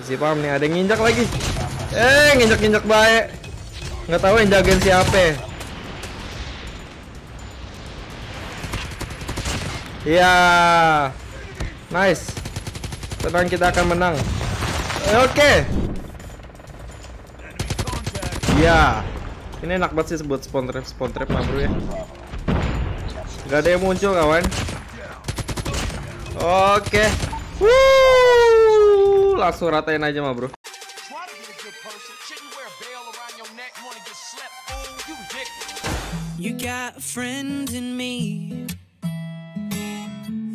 si paham nih ada yang nginjak lagi eh nginjak nginjak baik nggak tahu yang jagain siapa iya nice tenang kita akan menang eh, oke okay. iya ini enak banget sih buat spawn trap spawn trap lah bro ya Gak ada yang muncul kawan oke okay. Woo! langsung ratain aja mah, Bro. You got a friend in me.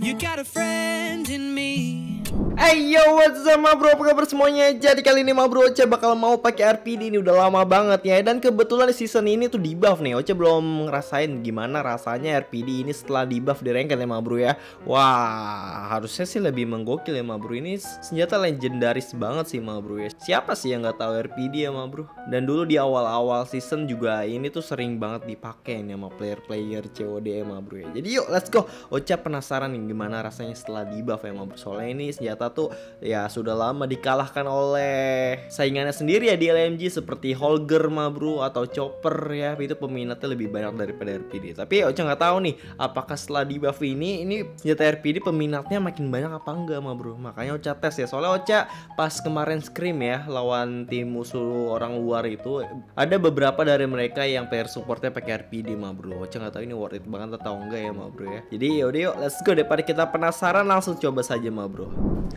You got a friend in me. Hey yo, what's up bro, apa kabar semuanya? Jadi kali ini bro, Oce bakal mau pakai RPD ini udah lama banget ya Dan kebetulan season ini tuh buff nih, Oce belum ngerasain gimana rasanya RPD ini setelah buff di ranked ya bro ya Wah, harusnya sih lebih menggokil ya bro, ini senjata legendaris banget sih bro ya Siapa sih yang gak tahu RPD ya bro? Dan dulu di awal-awal season juga ini tuh sering banget dipakai ya nih sama player-player COD ya bro ya Jadi yuk, let's go, Oce penasaran nih gimana rasanya setelah buff ya ma bro Soalnya ini senjata tuh ya sudah lama dikalahkan oleh saingannya sendiri ya di LMG seperti Holger mah bro atau Chopper ya itu peminatnya lebih banyak daripada RPD tapi ya Ocha nggak tahu nih apakah setelah di buff ini ini senjata RPD peminatnya makin banyak apa enggak mah bro makanya Ocha tes ya soalnya Ocha pas kemarin scream ya lawan tim musuh orang luar itu ada beberapa dari mereka yang PR supportnya pakai RPD mah bro Ocha nggak tahu ini worth it banget atau enggak ya mah bro ya jadi yaudah yuk let's go daripada kita penasaran langsung coba saja mah bro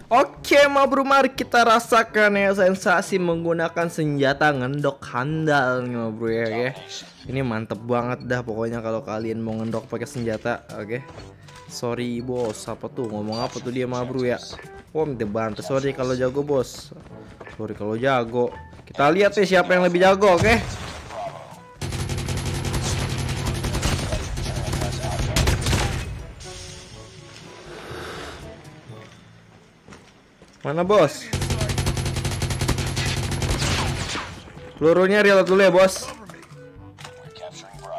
Oke, bro mari kita rasakan ya sensasi menggunakan senjata ngendok handal nih, bro ya, ya. Ini mantep banget dah pokoknya kalau kalian mau ngendok pakai senjata, oke. Okay. Sorry, bos. Apa tuh ngomong apa tuh dia, bro ya? Wah, minta bantu. Sorry kalau jago, bos. Sorry kalau jago. Kita lihat sih ya siapa yang lebih jago, oke? Okay? Mana bos? Pelurunya reload dulu ya bos.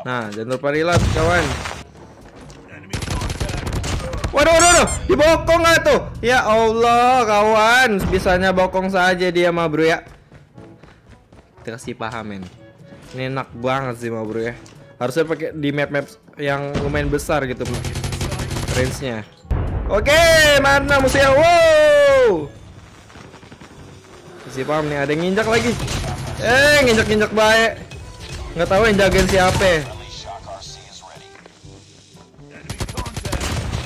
Nah, jangan lupa reload kawan. Waduh, waduh, waduh, dibokong nggak tuh? Ya Allah, kawan, bisanya bokong saja dia mah bro ya. Kita kasih paham Ini enak banget sih mah bro ya. Harusnya pakai di map-map yang lumayan besar gitu range-nya. Oke, okay, mana musuhnya? Wow! Isi paham nih, ada yang nginjak lagi. Eh, nginjak-nginjak baik. Nggak tahu yang jagain siapa.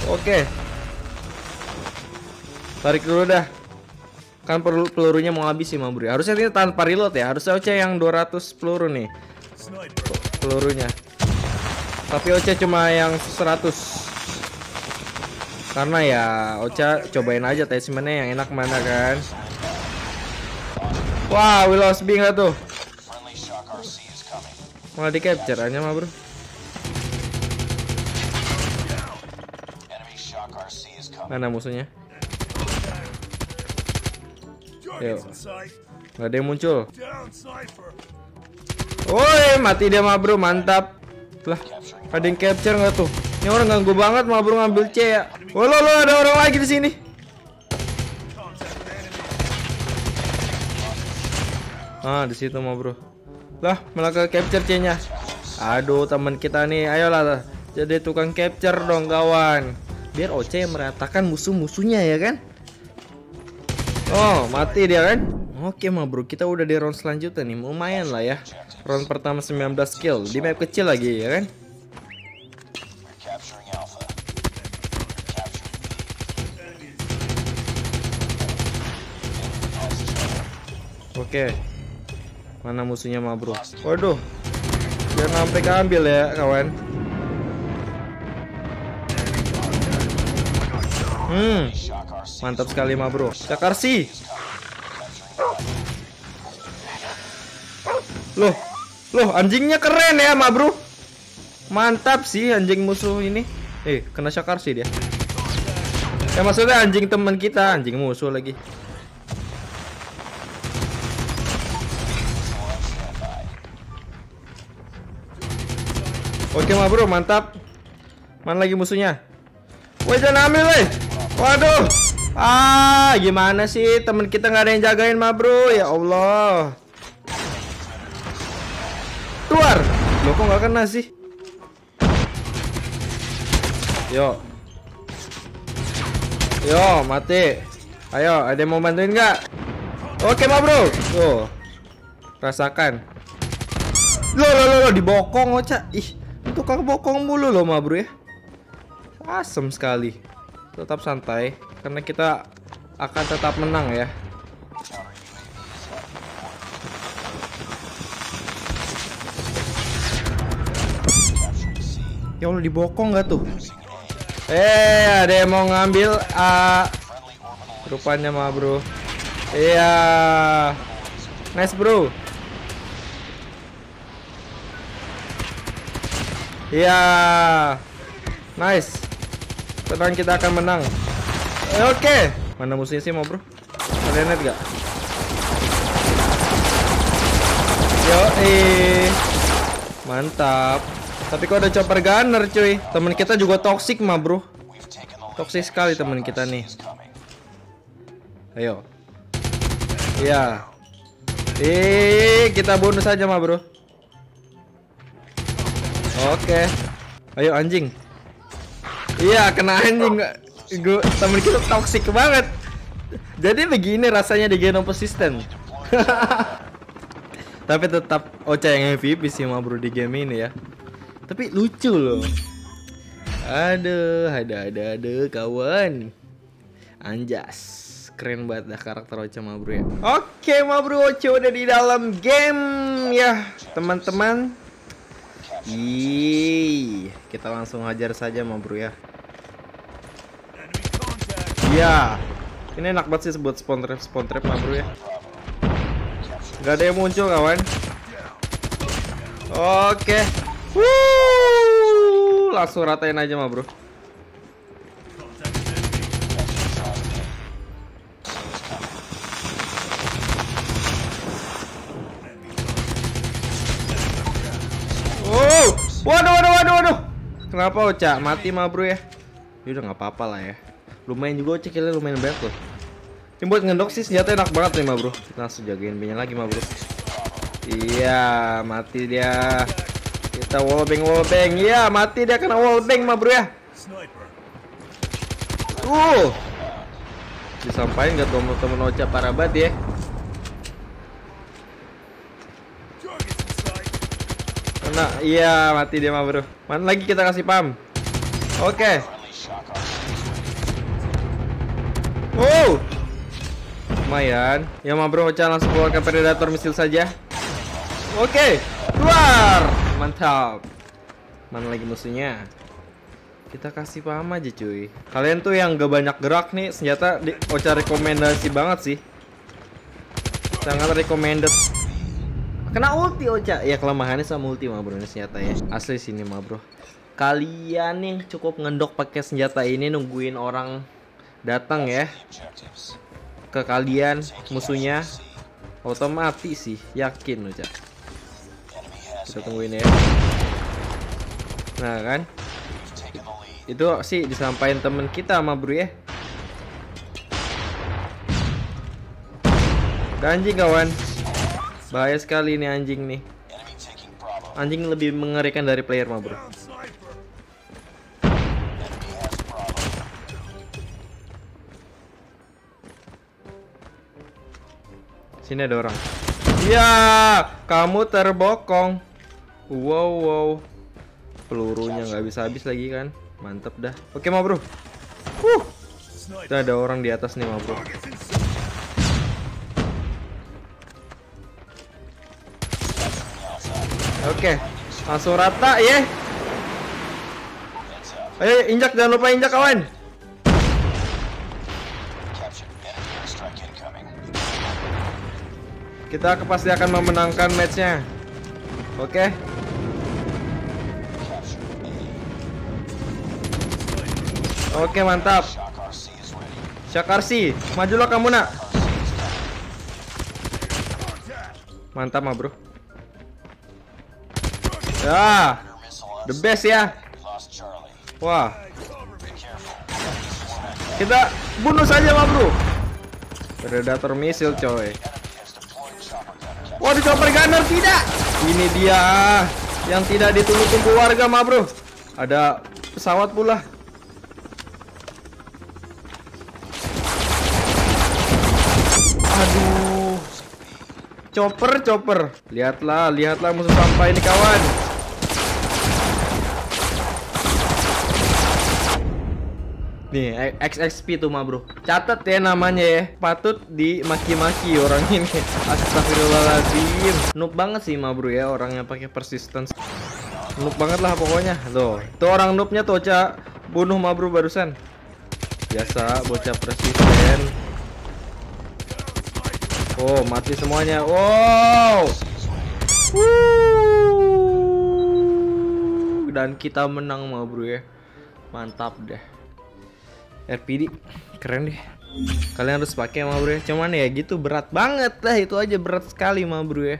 Oke. Tarik dulu dah. Kan perlu pelurunya mau habis sih, Mabri. Harusnya ini tanpa reload ya. Harusnya Oce yang 200 peluru nih. Pelurunya. Tapi Oce cuma yang 100 karena ya oce cobain aja tesimennya yang enak mana kan Wah, wow, we lost Bing lah tuh. Malah di capture aja mah, Bro. Mana musuhnya? Yo. Gak ada yang muncul. Woi, mati dia mah, Bro. Mantap. Lah, ada yang capture nggak tuh? Ini orang ganggu banget mah, Bro, ngambil C ya. Wah, oh, lo, lo ada orang lagi di sini. Ah, di situ mah, Bro. Lah, malah ke capture c Aduh, teman kita nih. Ayolah, jadi tukang capture dong, kawan. Biar OC meratakan musuh-musuhnya ya kan? Oh, mati dia kan? Oke mah bro, kita udah di round selanjutnya nih. Lumayan lah ya. Round pertama 19 kill di map kecil lagi ya kan? Oke. Mana musuhnya Bro? Waduh. Jangan sampai keambil ya, kawan. Hmm. Mantap sekali cakar Cakarsi. Loh. Loh, anjingnya keren ya, Bro. Mantap sih anjing musuh ini. Eh, kena Cakarsi dia. Ya maksudnya anjing teman kita, anjing musuh lagi. Oke mah bro, mantap. Mana lagi musuhnya? Woi jangan ambil, woi. Waduh. Ah, gimana sih teman kita nggak ada yang jagain mah bro? Ya Allah. Keluar. Lo kok nggak kena sih? Yo. Yo, mati. Ayo, ada yang mau bantuin nggak? Oke mah bro. Tuh. Rasakan. Lo lo lo, dibokong, Oca. Ih tukang bokong mulu loh ma bro ya Asem sekali Tetap santai Karena kita akan tetap menang ya Ya Allah dibokong gak tuh Eh ada yang mau ngambil uh, Rupanya ma bro Iya yeah. Nice bro Iya. Yeah. Nice. Sekarang kita akan menang. Eh, oke. Okay. Mana musuhnya sih mau, Bro? Kalian lihat gak? Yo, eh. Mantap. Tapi kok ada chopper gunner, cuy. Temen kita juga toxic mah, Bro. Toxic sekali temen kita nih. Ayo. Iya. Yeah. Eh, kita bonus aja mah, Bro. Oke. Ayo anjing. Iya, kena anjing. Gue temen kita toksik banget. Jadi begini rasanya di Genom Persistent. Tapi tetap Ocha yang MVP sih mau bro di game ini ya. Tapi lucu loh. Aduh, ada ada ada kawan. Anjas keren banget dah karakter Ocha Mabru ya. Oke, Mabru Ocha udah di dalam game ya, teman-teman. Ih, kita langsung hajar saja mau bro ya. Iya. Ini enak banget sih buat spawn trap spawn trap mah bro ya. Gak ada yang muncul kawan. Oke. Wuh, langsung ratain aja mah bro. Kenapa Oca? Mati mah bro ya. Ya udah nggak apa-apa lah ya. Lumayan juga Oca kira lumayan banyak loh. Ini buat ngendok sih senjata enak banget nih mah bro. Langsung jagain minyak lagi mah bro. Iya, mati dia. Kita wallbang wallbang. Iya, mati dia kena wallbang mah bro ya. Uh. Disampaikan gak temen-temen Oca parah banget ya. Mana? Iya, mati dia mah, Bro. Mana lagi kita kasih pam? Oke. Okay. Wow. Lumayan. Ya mah, Bro, Ocha langsung keluarkan predator misil saja. Oke, okay. keluar. Mantap. Mana lagi musuhnya? Kita kasih paham aja cuy Kalian tuh yang gak banyak gerak nih Senjata di Ocha oh, rekomendasi banget sih Sangat recommended Kena ulti Ocha. Ya kelemahannya sama ulti mah bro ini senjata ya. Asli sini mah bro. Kalian yang cukup ngendok pakai senjata ini nungguin orang datang ya ke kalian musuhnya otomatis sih yakin Ocha. Kita tungguin ya. Nah kan itu sih disampaikan temen kita sama bro ya Ganji kawan Bahaya sekali nih anjing nih. Anjing lebih mengerikan dari player mah, Bro. Sini ada orang. Ya, kamu terbokong. Wow, wow. Pelurunya nggak bisa habis lagi kan? Mantep dah. Oke, ma bro. Huh. ada orang di atas nih, ma bro. Oke, okay. langsung rata ya. Yeah. Ayo injak jangan lupa injak kawan. Kita pasti akan memenangkan matchnya. Oke. Okay. Oke okay, mantap. Syakarsi, majulah kamu nak. Mantap mah bro. Ya. The best ya. Wah. Kita bunuh saja lah, Bro. Predator misil, coy. Wah, di chopper gunner tidak. Ini dia ah, yang tidak ditunggu-tunggu warga, ma bro. Ada pesawat pula. Aduh. Chopper, chopper. Lihatlah, lihatlah musuh sampai ini kawan. Nih, XXP tuh mah bro Catat ya namanya ya Patut dimaki-maki orang ini Astagfirullahaladzim Noob banget sih mah bro ya Orangnya pakai persistence Noob banget lah pokoknya Tuh, tuh orang noobnya tuh Ca Bunuh mah bro barusan Biasa, bocah persisten Oh, mati semuanya Wow Wuh. Dan kita menang mah bro ya Mantap deh RPD keren deh kalian harus pakai mah bro ya cuman ya gitu berat banget lah itu aja berat sekali mah bro ya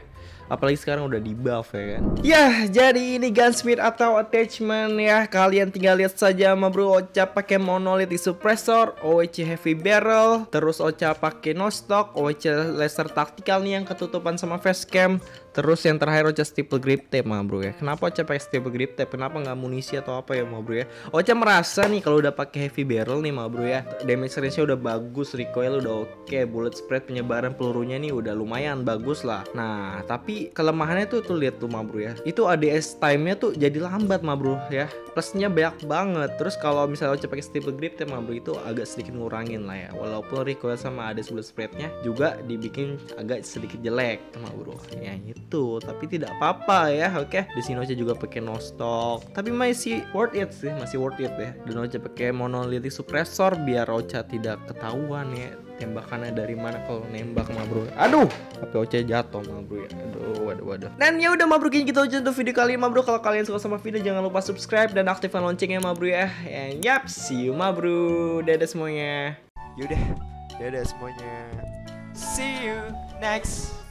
apalagi sekarang udah di buff ya kan Yah jadi ini gunsmith atau attachment ya kalian tinggal lihat saja sama bro Ocha pakai monolithic suppressor OEC heavy barrel terus Ocha pakai no stock OEC laser tactical nih yang ketutupan sama facecam terus yang terakhir Ocha staple grip tape mah bro ya hmm. kenapa Ocha pakai staple grip tape kenapa nggak munisi atau apa ya mah bro ya Ocha merasa nih kalau udah pakai heavy barrel nih mah bro ya damage range nya udah bagus recoil udah oke okay. bullet spread penyebaran pelurunya nih udah lumayan bagus lah nah tapi kelemahannya tuh tuh lihat tuh Mabru ya. Itu ADS time-nya tuh jadi lambat Mabru ya. Plusnya banyak banget. Terus kalau misalnya lo pakai steeple grip ya Mabru itu agak sedikit ngurangin lah ya. Walaupun recoil sama ADS bullet spread juga dibikin agak sedikit jelek Mabru. Ya itu, tapi tidak apa-apa ya. Oke, di sini aja juga pakai no stock. Tapi masih worth it sih, masih worth it ya. Dan aja pakai monolithic suppressor biar Rocha tidak ketahuan ya tembakannya dari mana kalau nembak mah bro aduh tapi oce jatuh mah bro ya aduh waduh waduh dan ya udah mah bro kayaknya gitu aja untuk video kali ini mah bro kalau kalian suka sama video jangan lupa subscribe dan aktifkan loncengnya mah bro ya and yap see you mah bro dadah semuanya yaudah dadah semuanya see you next